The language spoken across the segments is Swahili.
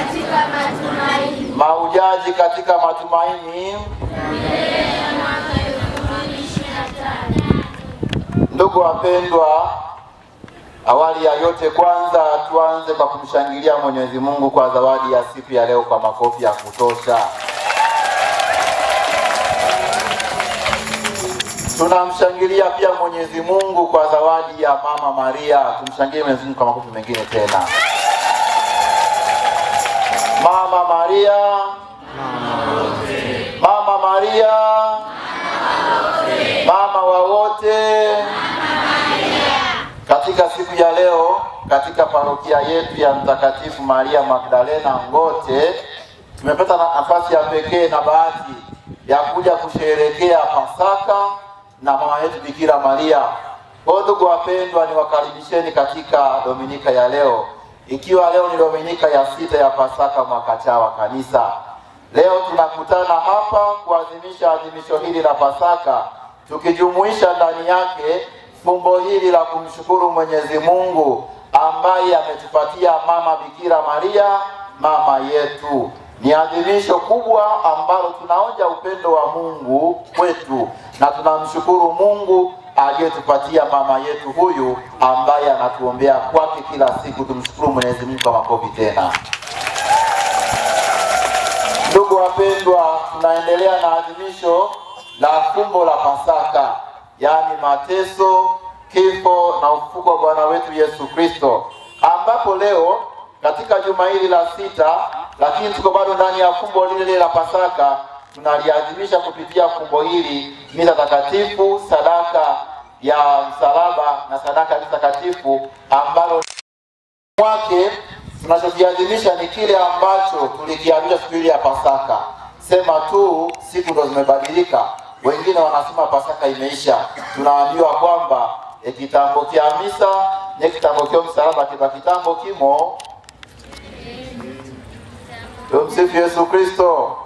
katika matumaini, maujaji katika matumaini. Ndugu wapendwa, awali ya yote kwanza tuanze kwa kumshangilia Mwenyezi Mungu kwa zawadi ya siku ya leo kwa makofi ya kutosha. Tunamshangilia pia Mwenyezi Mungu kwa zawadi ya Mama Maria. Tumshangilie Mwenyezi Mungu kwa makofi mengine tena. Mama Maria, Mama Maria, mama wa wote. Katika siku ya leo, katika parokia yetu ya Mtakatifu Maria Magdalena Ngote, tumepata nafasi ya pekee na bahati ya kuja kusherehekea Pasaka na mama yetu Bikira Maria. Kwa ndugu wapendwa, niwakaribisheni katika Dominika ya leo ikiwa leo ni dominika ya sita ya Pasaka mwaka wa Kanisa. Leo tunakutana hapa kuadhimisha adhimisho hili la Pasaka, tukijumuisha ndani yake fumbo hili la kumshukuru Mwenyezi Mungu ambaye ametupatia Mama Bikira Maria mama yetu. Ni adhimisho kubwa ambalo tunaonja upendo wa Mungu kwetu na tunamshukuru Mungu aliyetupatia mama yetu huyu ambaye anatuombea kwake kila siku. Tumshukuru Mwenyezi Mungu kwa makofi tena. Ndugu wapendwa, tunaendelea na adhimisho la fumbo la Pasaka, yaani mateso, kifo na ufufuko wa Bwana wetu Yesu Kristo, ambapo leo katika juma hili la sita, lakini tuko bado ndani ya fumbo lile la Pasaka tunaliadhimisha kupitia fumbo hili, mila takatifu, sadaka ya msalaba na sadaka takatifu ambalo wake tunachokiadhimisha ni kile ambacho tulikiadhimisha siku ile ya Pasaka. Sema tu siku ndo zimebadilika, wengine wanasema Pasaka imeisha. Tunaambiwa kwamba e, kitambo kia misa ni kitambo kio msalaba kiba kitambo kimo. Tumsifu Yesu Kristo.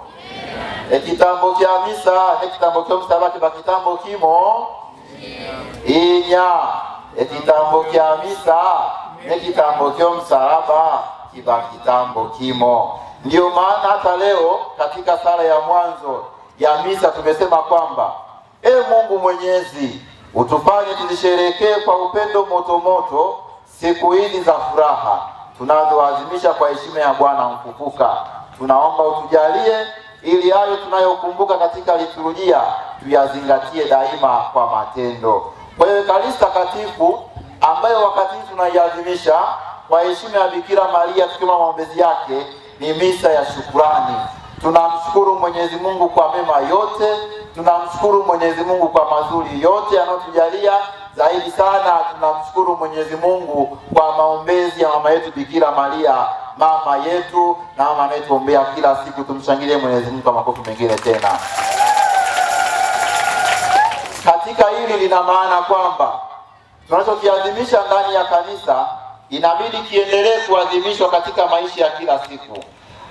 E, kitambo kia misa ni kitambo msalaba kiba kitambo kimo inya ekitambo kya misa nekitambo msalaba kiba kitambo kimo. Ndiyo maana hata leo katika sala ya mwanzo ya misa tumesema kwamba e Mungu Mwenyezi, utufanye tuzisherekee kwa upendo moto moto siku hizi za furaha tunazoadhimisha kwa heshima ya Bwana mfufuka. Tunaomba utujalie ili hayo tunayokumbuka katika liturujia tuyazingatie daima kwa matendo. Kwa hiyo Ekaristi Takatifu ambayo wakati tunaiadhimisha kwa heshima ya Bikira Maria tukiwa maombezi yake ni misa ya shukurani. Tunamshukuru Mwenyezi Mungu kwa mema yote, tunamshukuru Mwenyezi Mungu kwa mazuri yote anayotujalia. Zaidi sana tunamshukuru Mwenyezi Mungu kwa maombezi ya mama yetu Bikira Maria mama yetu na mama anayetuombea kila siku. Tumshangilie Mwenyezi Mungu kwa makofi mengine tena. Katika hili lina maana kwamba tunachokiadhimisha ndani ya kanisa inabidi kiendelee kuadhimishwa katika maisha ya kila siku,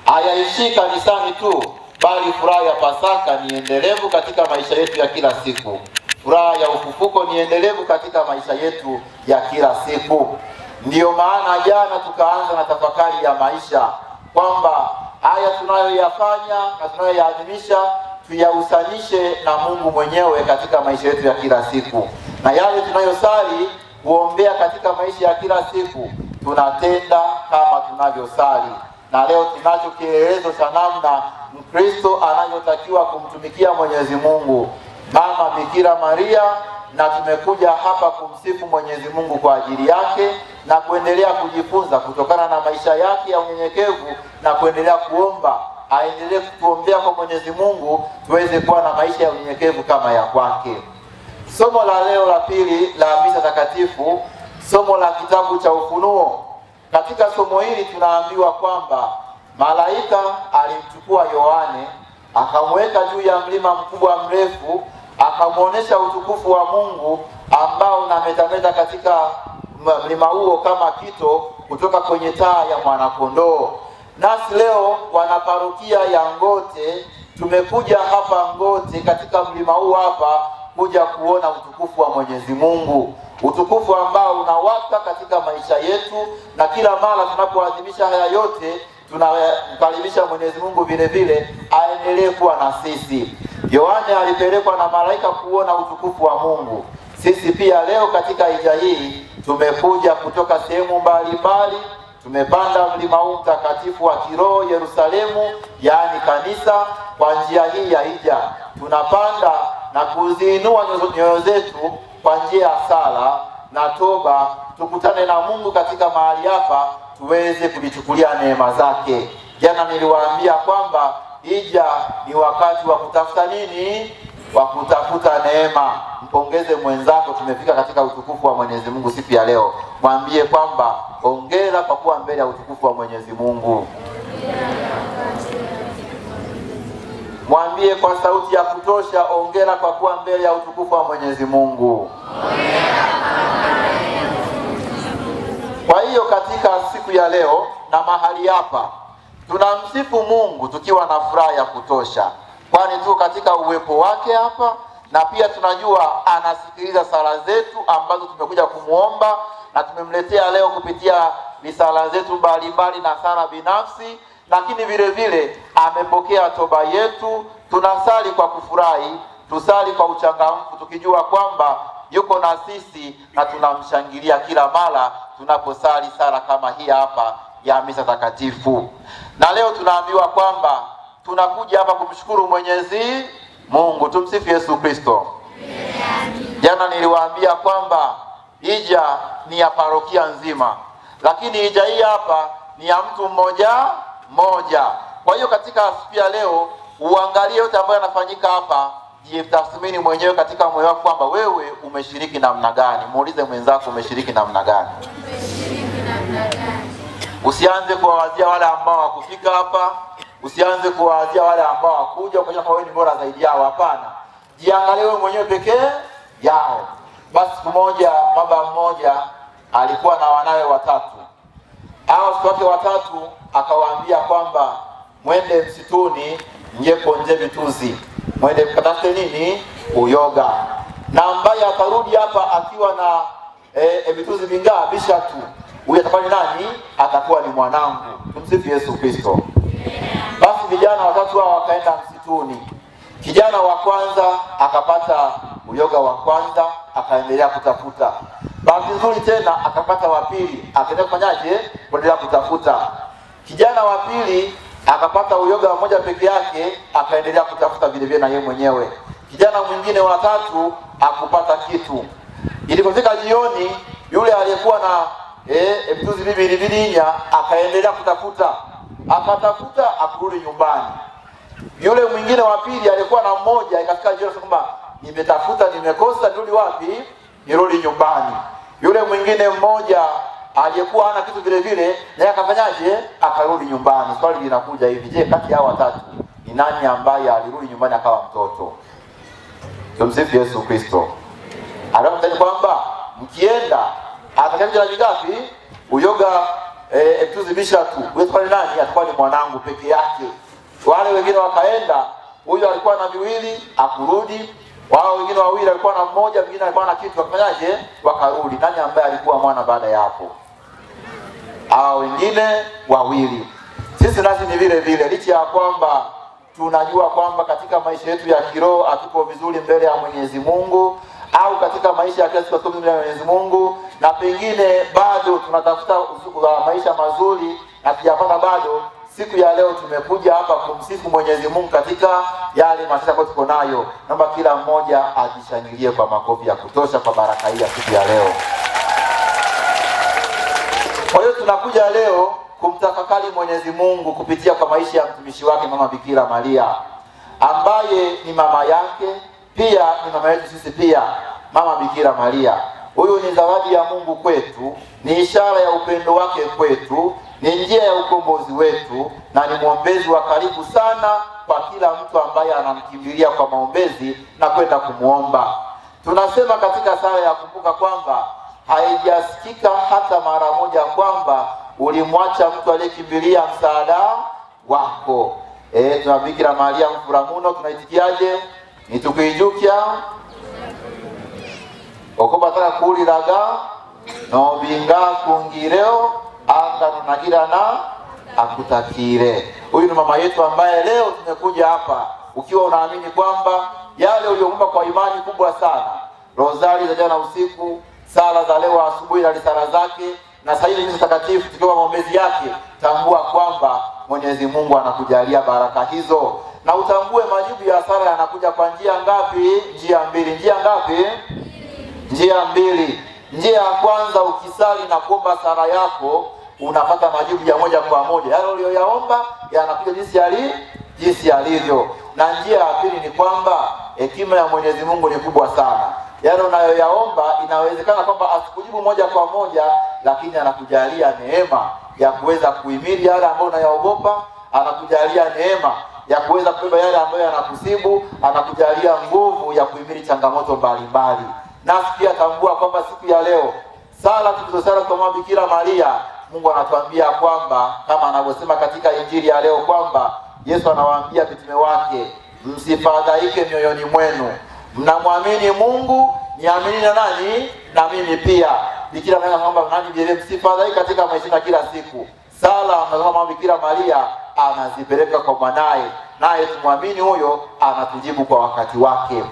hayaishi kanisani tu, bali furaha ya Pasaka ni endelevu katika maisha yetu ya kila siku. Furaha ya ufufuko ni endelevu katika maisha yetu ya kila siku. Ndiyo maana jana tukaanza na tafakari ya maisha kwamba haya tunayoyafanya na tunayoyaadhimisha tuyahusanishe na Mungu mwenyewe katika maisha yetu ya kila siku, na yale tunayosali kuombea katika maisha ya kila siku tunatenda kama tunavyosali. Na leo tunacho kielelezo cha namna Mkristo anavyotakiwa kumtumikia Mwenyezi Mungu, Mama Bikira Maria na tumekuja hapa kumsifu Mwenyezi Mungu kwa ajili yake na kuendelea kujifunza kutokana na maisha yake ya unyenyekevu na kuendelea kuomba aendelee kutuombea kwa Mwenyezi Mungu tuweze kuwa na maisha ya unyenyekevu kama ya kwake. Somo la leo la pili la misa takatifu, somo la kitabu cha Ufunuo. Katika somo hili tunaambiwa kwamba malaika alimchukua Yohane akamweka juu ya mlima mkubwa mrefu akamwonyesha utukufu wa Mungu ambao unametameta katika mlima huo kama kito kutoka kwenye taa ya mwanakondoo. Nasi leo wanaparokia ya Ngote tumekuja hapa Ngote katika mlima huu hapa kuja kuona utukufu wa Mwenyezi Mungu, utukufu ambao unawaka katika maisha yetu, na kila mara tunapoadhimisha haya yote tunamkaribisha Mwenyezi Mungu vile vile aendelee kuwa na sisi. Yohane alipelekwa na malaika kuona utukufu wa Mungu. Sisi pia leo katika hija hii tumekuja kutoka sehemu mbalimbali, tumepanda mlima huu mtakatifu wa kiroho Yerusalemu, yaani kanisa. Kwa njia hii ya hija tunapanda na kuziinua nyoyo zetu kwa njia ya sala na toba, tukutane na Mungu katika mahali hapa, tuweze kulichukulia neema zake. Jana niliwaambia kwamba Hija ni wakati wa kutafuta nini? Wa kutafuta neema. Mpongeze mwenzako, tumefika katika utukufu wa Mwenyezi Mungu siku ya leo. Mwambie kwamba hongera kwa kuwa mbele ya utukufu wa Mwenyezi Mungu. Mwambie kwa sauti ya kutosha, hongera kwa kuwa mbele ya utukufu wa Mwenyezi Mungu. Kwa hiyo katika siku ya leo na mahali hapa Tunamsifu Mungu tukiwa na furaha ya kutosha, kwani tu katika uwepo wake hapa, na pia tunajua anasikiliza sala zetu ambazo tumekuja kumwomba na tumemletea leo kupitia misala zetu mbalimbali na sala binafsi, lakini vile vile amepokea toba yetu. Tunasali kwa kufurahi, tusali kwa uchangamfu, tukijua kwamba yuko na sisi na tunamshangilia kila mara tunaposali sala kama hii hapa ya misa takatifu na leo tunaambiwa kwamba tunakuja hapa kumshukuru Mwenyezi Mungu. Tumsifu Yesu Kristo. Jana niliwaambia kwamba hija ni ya parokia nzima, lakini hija hii hapa ni ya mtu mmoja mmoja. Kwa hiyo katika siku ya leo uangalie yote ambayo yanafanyika hapa, jitathmini mwenyewe katika moyo wako kwamba wewe umeshiriki namna gani. Muulize mwenzako umeshiriki namna gani. Usianze kuwawazia wale ambao wakufika hapa, usianze kuwawazia wale ambao wakuja ukaona kama wewe ni bora zaidi yao. Hapana, jiangalie wewe mwenyewe pekee yao. Basi siku moja baba mmoja alikuwa na wanawe watatu, hao watoto wake watatu akawaambia kwamba mwende msituni mjeponje vituzi, mwende mkatafute nini uyoga, na ambaye atarudi hapa akiwa na vituzi eh, eh, e, e, vingaa bishatu huyu atafanya nani? Atakuwa ni mwanangu. Tumsifu Yesu Kristo. Basi vijana watatu hao wakaenda msituni. Kijana wa kwanza akapata uyoga wa kwanza, akaendelea kutafuta. Bahati nzuri tena akapata wa pili, akaendelea kufanyaje? Kuendelea kutafuta. Kijana wa pili akapata uyoga wa moja peke yake, akaendelea kutafuta vile vile na yeye mwenyewe. Kijana mwingine wa tatu akupata kitu. Ilipofika jioni, yule aliyekuwa na eh, ebituzi bibiri vilinya, akaendelea kutafuta, akatafuta akurudi nyumbani. Yule mwingine wa pili alikuwa na mmoja, ikafika jioni kwamba nimetafuta nimekosa, nirudi wapi? Nirudi nyumbani. Yule mwingine mmoja aliyekuwa hana kitu vile vile, naye akafanyaje? Akarudi nyumbani. Swali linakuja hivi, je, kati ya watatu ni nani ambaye alirudi nyumbani akawa mtoto? Tumsifu Yesu Kristo. Alafu kwamba mkienda Atakaje na vingapi? Uyoga eh, mtuzi bisha tu. Wewe kwa nani? Atakuwa ni mwanangu peke yake. Wale wengine wakaenda, huyo alikuwa na miwili, akurudi. Wao wengine wawili alikuwa na mmoja, mwingine alikuwa na kitu, wakafanyaje? Wakarudi. Nani ambaye alikuwa mwana baada ya hapo? Hao wengine wawili. Sisi nasi ni vile vile, licha ya kwamba tunajua kwamba katika maisha yetu ya kiroho hatuko vizuri mbele ya Mwenyezi Mungu au katika maisha ya kila siku mbele ya Mwenyezi Mungu na pengine bado tunatafuta maisha mazuri na tujapata bado. Siku ya leo tumekuja hapa kumsifu Mwenyezi Mungu katika yale mashaka ambayo tuko nayo. Naomba kila mmoja ajishangilie kwa makofi ya kutosha kwa baraka hii ya siku ya leo. Kwa hiyo tunakuja leo kumtafakari Mwenyezi Mungu kupitia kwa maisha ya mtumishi wake Mama Bikira Maria ambaye ni mama yake pia ni mama yetu sisi pia Mama Bikira Maria Huyu ni zawadi ya Mungu kwetu, ni ishara ya upendo wake kwetu, ni njia ya ukombozi wetu, na ni mwombezi wa karibu sana kwa kila mtu ambaye anamkimbilia kwa maombezi na kwenda kumwomba. Tunasema katika sala ya kumbuka kwamba haijasikika hata mara moja kwamba ulimwacha mtu aliyekimbilia msaada wako. E, eh, tuna Bikira Maria mfuramuno tunaitikiaje? Nitukuijukia uko batara kuwuliraga nobinga kungireho anga nunagira na akutakire. Huyu ni mama yetu ambaye leo tumekuja hapa ukiwa unaamini kwamba yale uliyoomba kwa imani kubwa sana, rosari za jana usiku, sala za leo asubuhi na risala zake na sahili hivi misa takatifu tukiwa maombezi yake, tambua kwamba Mwenyezi Mungu anakujalia baraka hizo, na utambue majibu ya sala yanakuja kwa njia ngapi? Njia mbili. Njia ngapi? Njia mbili. Njia ya kwanza, ukisali na kuomba sala yako unapata majibu ya moja kwa moja, yale uliyoyaomba yanakuja jinsi yali jinsi yalivyo. Na njia ya pili ni kwamba hekima ya Mwenyezi Mungu ni kubwa sana, yale unayoyaomba inawezekana kwamba asikujibu moja kwa moja, lakini anakujalia neema ya kuweza kuhimili yale ambayo unayaogopa, anakujalia neema ya kuweza kubeba yale ambayo yanakusibu, anakujalia nguvu ya kuhimili changamoto mbalimbali nafikiri tambua kwamba siku ya leo sala tulizosala kwa Mama Bikira Maria, Mungu anatuambia kwamba kama anavyosema katika injili ya leo kwamba Yesu anawaambia mitume wake, msifadhaike mioyoni mwenu, mnamwamini Mungu, niamini na nani na mimi pia. Bikira Maria anaomba nani vile, msifadhaike katika maisha ya kila siku. Sala anasema Mama Bikira Maria anazipeleka kwa mwanaye, naye tumwamini huyo, anatujibu kwa wakati wake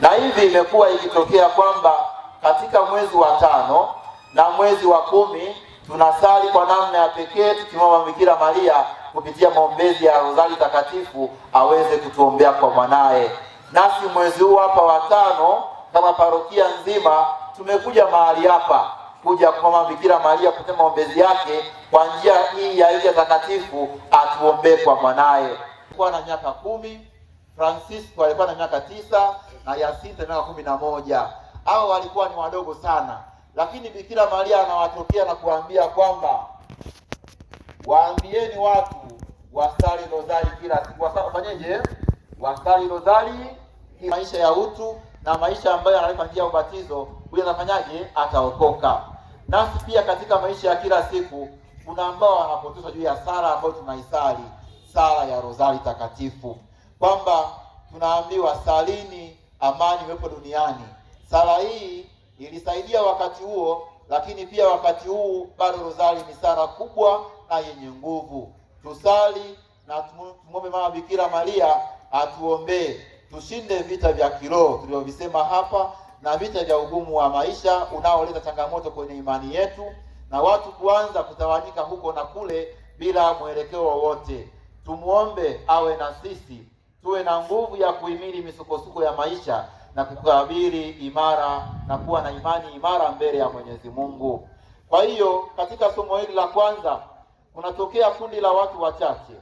na hivi imekuwa ikitokea kwamba katika mwezi wa tano na mwezi wa kumi tunasali kwa namna ya pekee tukimwomba Bikira Maria kupitia maombezi ya rozari takatifu aweze kutuombea kwa mwanaye. Nasi mwezi huu hapa wa tano kama parokia nzima tumekuja mahali hapa kuja kumwomba Bikira Maria kupitia maombezi yake kwa njia hii ya ile Takatifu atuombee kwa mwanaye. Alikuwa na miaka kumi, Francisco alikuwa na miaka tisa na ya sita na kumi na moja Hao walikuwa ni wadogo sana, lakini Bikira Maria anawatokea na kuambia kwamba waambieni watu wasali rozari kila siku. Wafanyeje? Wasali rozari, maisha ya utu na maisha ambayo analeta njia ya ubatizo, huyo anafanyaje? Ataokoka. Nasi pia katika maisha ya kila siku kuna ambao wanapotosha juu ya sala ambayo tunaisali, sala ya rozari takatifu, kwamba tunaambiwa salini amani iwepo duniani. Sala hii ilisaidia wakati huo, lakini pia wakati huu bado rozari ni sala kubwa na yenye nguvu. Tusali na tumwombe Mama Bikira Maria atuombee tushinde vita vya kiroho tulivyovisema hapa na vita vya ugumu wa maisha unaoleta changamoto kwenye imani yetu na watu kuanza kutawanyika huko na kule bila mwelekeo wowote. Tumwombe awe na sisi tuwe na nguvu ya kuhimili misukosuko ya maisha na kukabili imara na kuwa na imani imara mbele ya Mwenyezi Mungu. Kwa hiyo katika somo hili la kwanza kunatokea kundi la watu wachache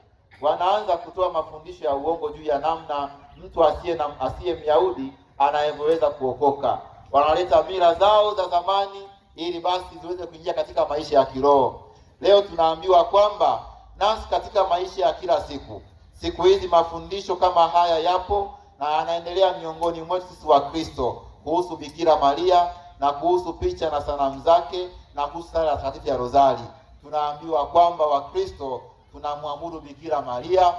wanaanza kutoa mafundisho ya uongo juu ya namna mtu asiye na asiye Myahudi anayeweza kuokoka. Wanaleta mila zao za zamani ili basi ziweze kuingia katika maisha ya kiroho. Leo tunaambiwa kwamba nasi katika maisha ya kila siku Siku hizi mafundisho kama haya yapo na anaendelea miongoni mwetu sisi wa Kristo kuhusu Bikira Maria na kuhusu picha na sanamu zake na kuhusu sala takatifu ya Rozari. Tunaambiwa kwamba Wakristo tunamwabudu Bikira Maria,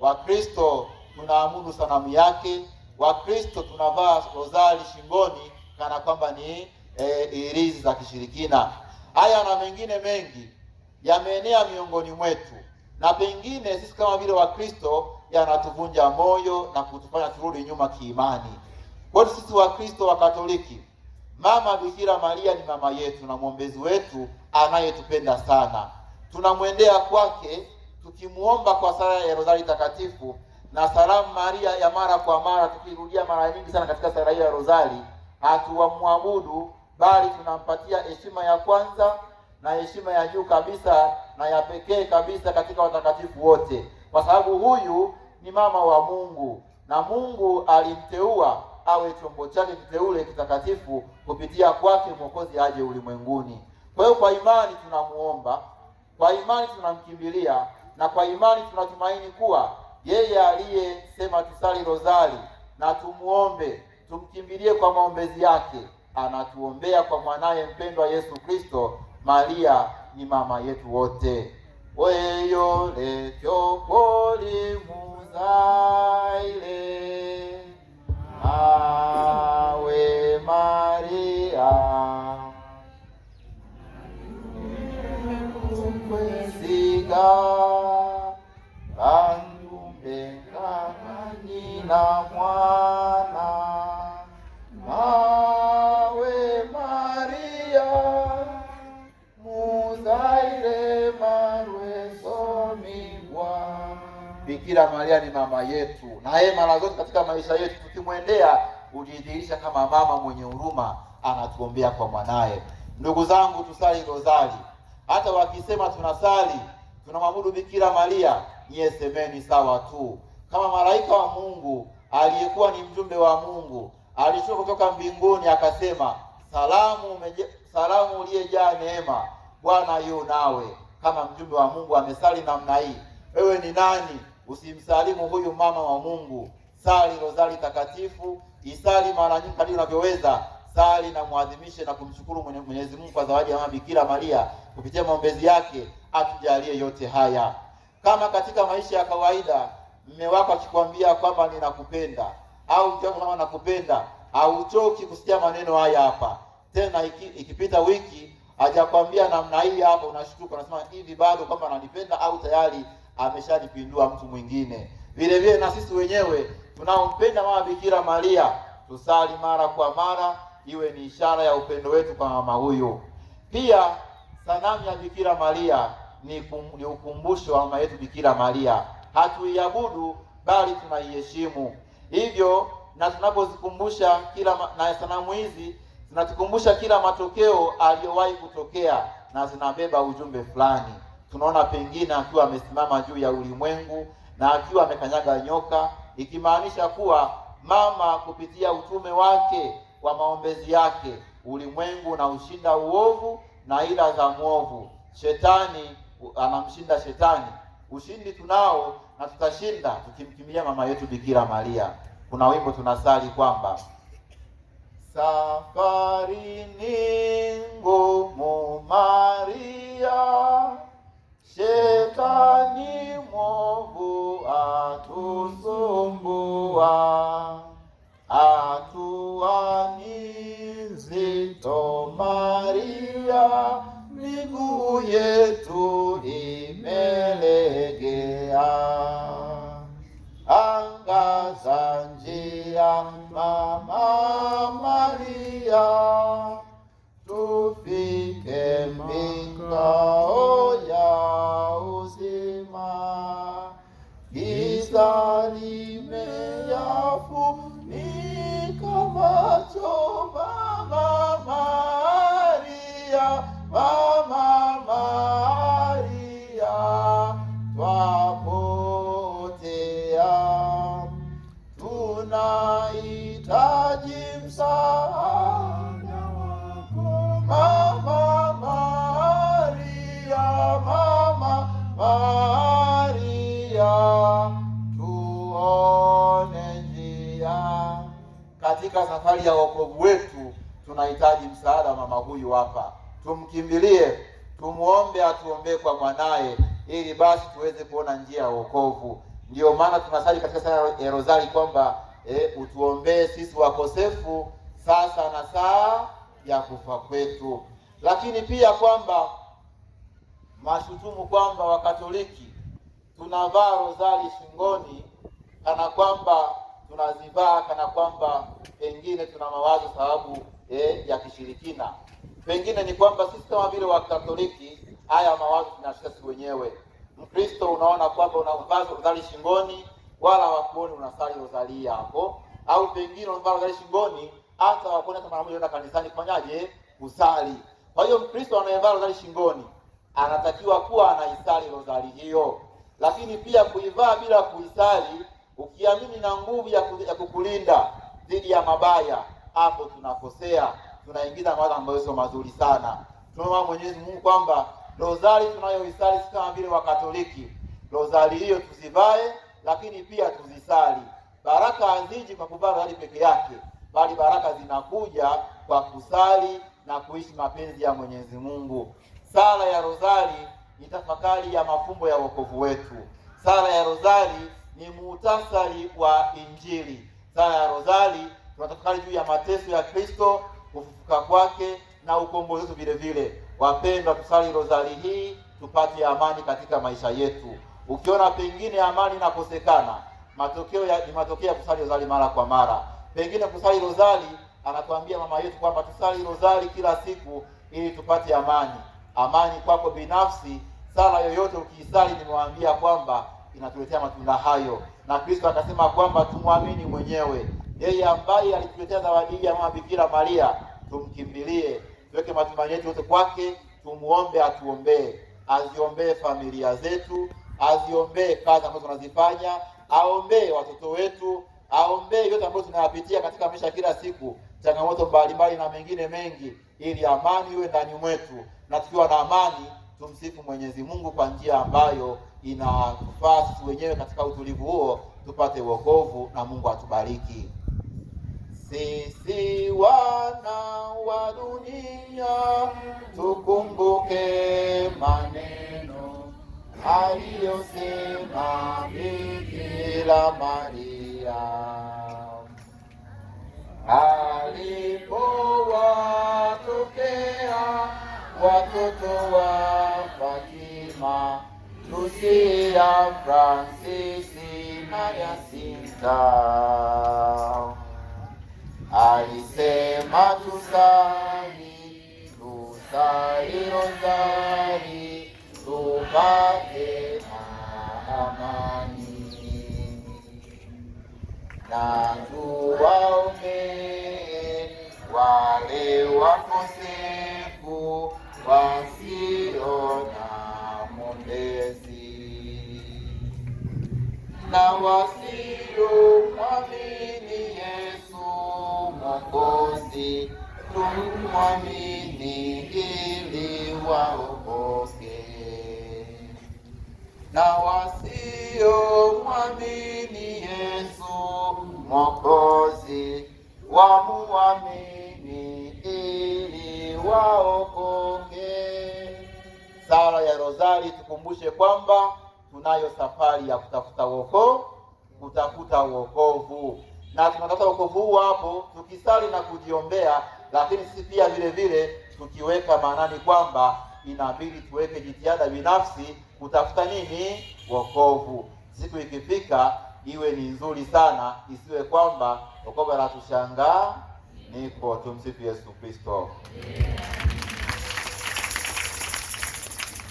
Wakristo tunaamudu sanamu yake, Wakristo tunavaa rozari shingoni kana kwamba ni e, irizi za kishirikina. Haya na mengine mengi yameenea miongoni mwetu na pengine sisi kama vile Wakristo yanatuvunja moyo na kutufanya turudi nyuma kiimani. hiyo sisi Wakristo wa Katoliki, Mama Bikira Maria ni mama yetu na mwombezi wetu anayetupenda sana. Tunamwendea kwake tukimuomba kwa sala ya Rozari Takatifu na salamu Maria ya mara kwa mara, tukirudia mara nyingi sana katika sala hiyo ya Rozari. Hatuwamwabudu bali tunampatia heshima ya kwanza na heshima ya juu kabisa na ya pekee kabisa katika watakatifu wote, kwa sababu huyu ni mama wa Mungu na Mungu alimteua awe chombo chake kiteule kitakatifu, kupitia kwake mwokozi aje ulimwenguni. Kwa hiyo, kwa imani tunamuomba, kwa imani tunamkimbilia, na kwa imani tunatumaini kuwa yeye aliyesema tusali rozari na tumuombe, tumkimbilie kwa maombezi yake, anatuombea kwa mwanaye mpendwa Yesu Kristo. Maria ni mama yetu wote weyole kyokoli muzaile awe Maria kwesiga bandu bengamanina Bikira Maria ni mama yetu, na yeye mara zote katika maisha yetu tukimwendea hujidhihirisha kama mama mwenye huruma, anatuombea kwa mwanaye. Ndugu zangu, tusali rozari. Hata wakisema tunasali tunamwabudu Bikira Maria, nyie semeni sawa tu, kama malaika wa Mungu aliyekuwa ni mjumbe wa Mungu alishuka kutoka mbinguni akasema, salamu umeje, salamu uliyejaa neema, Bwana yu nawe. Kama mjumbe wa Mungu amesali namna hii, wewe ni nani? Usimsalimu huyu mama wa Mungu. Sali rozari takatifu, isali mara nyingi kadri unavyoweza. Sali na muadhimishe na kumshukuru Mwenyezi Mungu kwa zawadi ya mama Bikira Maria, kupitia maombezi yake atujalie yote haya. Kama katika maisha ya kawaida mme wako akikwambia kwamba ninakupenda au mke wako kama nakupenda, hauchoki kusikia maneno haya hapa tena. Iki, ikipita wiki hajakwambia namna hii hapa, unashtuka unasema hivi bado kwamba ananipenda au tayari ameshajipindua mtu mwingine. Vile vile na sisi wenyewe tunaompenda mama Bikira Maria tusali mara kwa mara, iwe ni ishara ya upendo wetu kwa mama huyu. Pia sanamu ya Bikira Maria ni, kum, ni ukumbusho wa mama yetu Bikira Maria. Hatuiabudu bali tunaiheshimu, hivyo na tunapozikumbusha kila na sanamu hizi zinatukumbusha kila matokeo aliyowahi kutokea na zinabeba ujumbe fulani tunaona pengine akiwa amesimama juu ya ulimwengu na akiwa amekanyaga nyoka, ikimaanisha kuwa mama kupitia utume wake wa maombezi yake ulimwengu na ushinda uovu na ila za mwovu. Shetani anamshinda shetani. Ushindi tunao na tutashinda tukimkimbilia mama yetu Bikira Maria. Kuna wimbo tunasali kwamba safari ni ngumu Maria Shetani mwovu atusumbua, atuani nzito Maria, miguu yetu imelegea. Angaza njia Mama Maria, tufike mbinguni Allah. safari ya wokovu wetu tunahitaji msaada wa mama huyu hapa. Tumkimbilie, tumuombe, atuombee kwa mwanaye, ili basi tuweze kuona njia ya wokovu. Ndiyo maana tunasali katika sala ya Rozari kwamba e, utuombee sisi wakosefu sasa na saa ya kufa kwetu, lakini pia kwamba mashutumu kwamba Wakatoliki tunavaa rozari shingoni kana kwamba tunazivaa kana kwamba pengine tuna mawazo sababu eh, ya kishirikina. Pengine ni kwamba sisi kama vile Wakatoliki haya mawazo tunashika sisi wenyewe. Mkristo unaona kwamba unavaa rozari shingoni, wala wakuoni unasali rozari hapo, au pengine unavaa rozari shingoni hata wakuoni hata mara moja unaenda kanisani kufanyaje kusali. Kwa hiyo Mkristo anayevaa rozari shingoni anatakiwa kuwa anaisali rozari hiyo, lakini pia kuivaa bila kuisali ukiamini na nguvu ya kukulinda dhidi ya mabaya, hapo tunakosea, tunaingiza mambo ambayo sio mazuri sana. Tunaomba Mwenyezi Mungu kwamba rozari tunayoisali si kama vile Wakatoliki, rozari hiyo tuzivae, lakini pia tuzisali. Baraka haziji kwa kuvaa rozari peke yake, bali baraka zinakuja kwa kusali na kuishi mapenzi ya Mwenyezi Mungu. Sala ya rozari ni tafakari ya mafumbo ya wokovu wetu. Sala ya rozari ni muhtasari wa Injili. Sala ya Rozari tunatafakari juu ya mateso ya Kristo, kufufuka kwake na ukombozi wetu vile vile. Wapendwa, tusali Rozari hii tupate amani katika maisha yetu. Ukiona pengine amani inakosekana, matokeo ya ni matokeo ya kusali Rozari mara kwa mara. Pengine kusali Rozari, anatuambia mama yetu kwamba tusali Rozari kila siku ili tupate amani. Amani kwako binafsi, sala yoyote ukiisali, nimewaambia kwamba inatuletea matunda hayo, na Kristo akasema kwamba tumwamini mwenyewe yeye ambaye alituletea zawadi ya mama Bikira Maria, tumkimbilie, tuweke matumaini yetu yote kwake, tumuombe atuombee, aziombee familia zetu, aziombee kazi ambazo tunazifanya, aombee watoto wetu, aombee yote ambayo tunayapitia katika maisha kila siku, changamoto mbalimbali na mengine mengi, ili amani iwe ndani mwetu, na tukiwa na amani tumsifu Mwenyezi Mungu kwa njia ambayo inafaa sisi wenyewe katika utulivu huo tupate wokovu na Mungu atubariki. Sisi wana wa dunia tukumbuke maneno aliyosema Bikira Maria alipowatokea watoto wa Fatima, Lucia, Fransisi na Yasinta. Alisema tusali, tusali rozari tupate amani na tuwaombee wale wakosefu wasio na mwombezi na wasiomwamini Yesu Mwokozi, tumwamini ili waokoke na wasiomwamini Yesu Mwokozi, wamuamini ili waokoke. Sala ya Rozari tukumbushe kwamba tunayo safari ya kutafuta woko kutafuta wokovu, na tunatafuta wokovu huu hapo tukisali na kujiombea, lakini sisi pia vile vile tukiweka maanani kwamba inabidi tuweke jitihada binafsi kutafuta nini? Wokovu. Siku ikifika iwe ni nzuri sana, isiwe kwamba wokovu anatushangaa. Niko. Tumsifu Yesu Kristo.